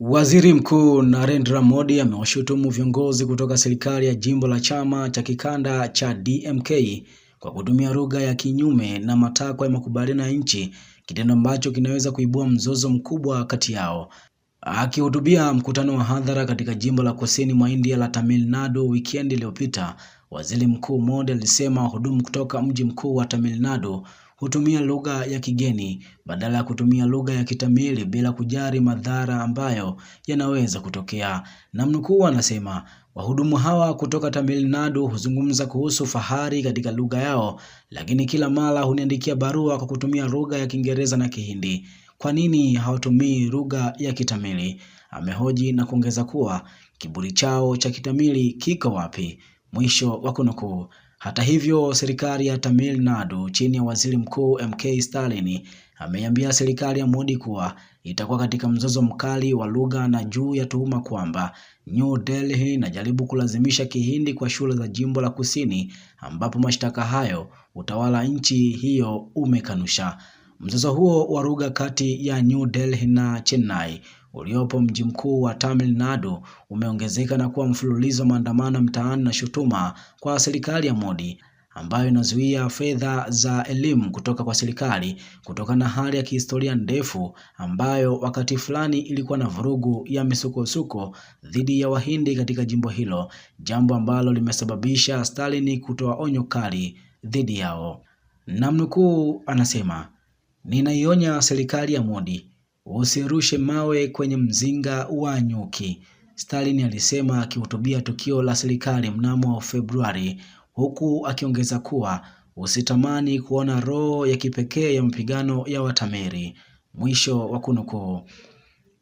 Waziri Mkuu Narendra Modi amewashutumu viongozi kutoka serikali ya jimbo la chama cha kikanda cha DMK kwa kutumia lugha ya kinyume na matakwa ya makubaliano ya nchi, kitendo ambacho kinaweza kuibua mzozo mkubwa kati yao. Akihutubia mkutano wa hadhara katika jimbo la kusini mwa India la Tamil Nadu wikendi iliyopita, Waziri Mkuu Modi alisema wahudumu kutoka mji mkuu wa Tamil Nadu hutumia lugha ya kigeni badala ya kutumia lugha ya kitamili bila kujali madhara ambayo yanaweza kutokea. Namnukuu anasema, wahudumu hawa kutoka Tamil Nadu huzungumza kuhusu fahari katika lugha yao, lakini kila mara huniandikia barua kwa kutumia lugha ya Kiingereza na Kihindi. Kwa nini hawatumii lugha ya Kitamili? Amehoji na kuongeza kuwa kiburi chao cha Kitamili kiko wapi? Mwisho wa kunukuu. Hata hivyo, serikali ya Tamil Nadu chini ya Waziri Mkuu MK Stalin ameiambia serikali ya Modi kuwa itakuwa katika mzozo mkali wa lugha na juu ya tuhuma kwamba New Delhi inajaribu kulazimisha Kihindi kwa shule za jimbo la Kusini ambapo mashtaka hayo utawala nchi hiyo umekanusha. Mzozo huo wa lugha kati ya New Delhi na Chennai uliopo mji mkuu wa Tamil Nadu umeongezeka na kuwa mfululizo wa maandamano mtaani na shutuma kwa serikali ya Modi ambayo inazuia fedha za elimu kutoka kwa serikali kutokana na hali ya kihistoria ndefu ambayo wakati fulani ilikuwa na vurugu ya misukosuko dhidi ya Wahindi katika jimbo hilo, jambo ambalo limesababisha Stalin kutoa onyo kali dhidi yao. Namnukuu anasema, ninaionya serikali ya Modi usirushe mawe kwenye mzinga wa nyuki, Stalin alisema akihutubia tukio la serikali mnamo Februari, huku akiongeza kuwa usitamani kuona roho ya kipekee ya mapigano ya Watamiri. Mwisho wa kunukuu.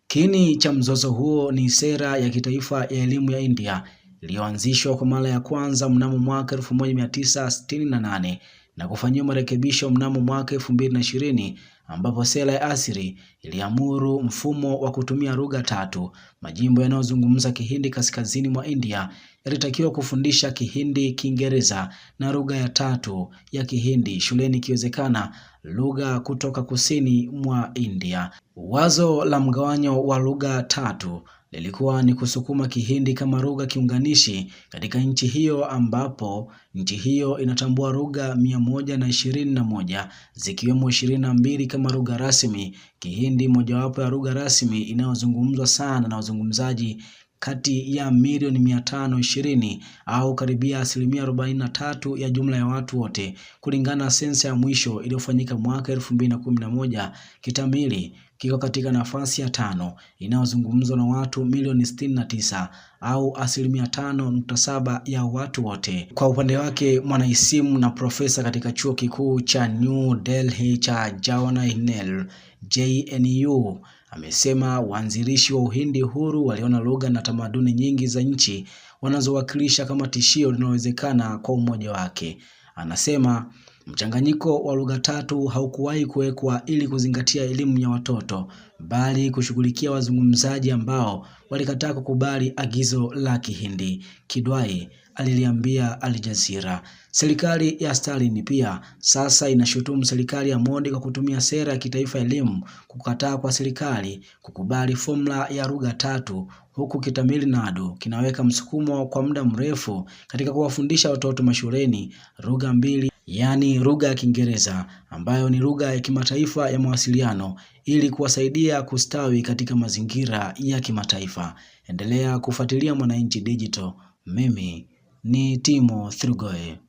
Kini cha mzozo huo ni sera ya kitaifa ya elimu ya India iliyoanzishwa kwa mara ya kwanza mnamo mwaka 1968 na kufanyiwa marekebisho mnamo mwaka 2020 ambapo sera ya asiri iliamuru mfumo wa kutumia lugha tatu. Majimbo yanayozungumza Kihindi kaskazini mwa India yalitakiwa kufundisha Kihindi, Kiingereza na lugha ya tatu ya Kihindi shuleni, ikiwezekana lugha kutoka kusini mwa India. Wazo la mgawanyo wa lugha tatu lilikuwa ni kusukuma Kihindi kama lugha kiunganishi katika nchi hiyo ambapo nchi hiyo inatambua lugha mia moja na ishirini na moja zikiwemo ishirini na mbili kama lugha rasmi. Kihindi mojawapo ya lugha rasmi inayozungumzwa sana na wazungumzaji kati ya milioni 520 au karibia asilimia tatu ya jumla ya watu wote, kulingana na sensa ya mwisho iliyofanyika mwaka 2011. Kitamili kiko katika nafasi ya tano inayozungumzwa na watu milioni tisa au asilimia tano saba ya watu wote. Kwa upande wake, mwanaisimu na profesa katika chuo kikuu cha New Delhi cha Jawaharlal JNU amesema waanzilishi wa Uhindi huru waliona lugha na tamaduni nyingi za nchi wanazowakilisha kama tishio linalowezekana kwa umoja wake. Anasema mchanganyiko wa lugha tatu haukuwahi kuwekwa ili kuzingatia elimu ya watoto, bali kushughulikia wazungumzaji ambao walikataa kukubali agizo la Kihindi. Kidwai aliliambia Al Jazeera. Serikali ya Stalin pia sasa inashutumu serikali ya Modi kwa kutumia sera ya kitaifa elimu, kukataa kwa serikali kukubali fomula ya lugha tatu, huku kitamili nado kinaweka msukumo kwa muda mrefu katika kuwafundisha watoto mashuleni lugha mbili yaani lugha ya Kiingereza ambayo ni lugha ya kimataifa ya mawasiliano ili kuwasaidia kustawi katika mazingira ya kimataifa. Endelea kufuatilia Mwananchi Digital. Mimi ni Timo Thrugoe.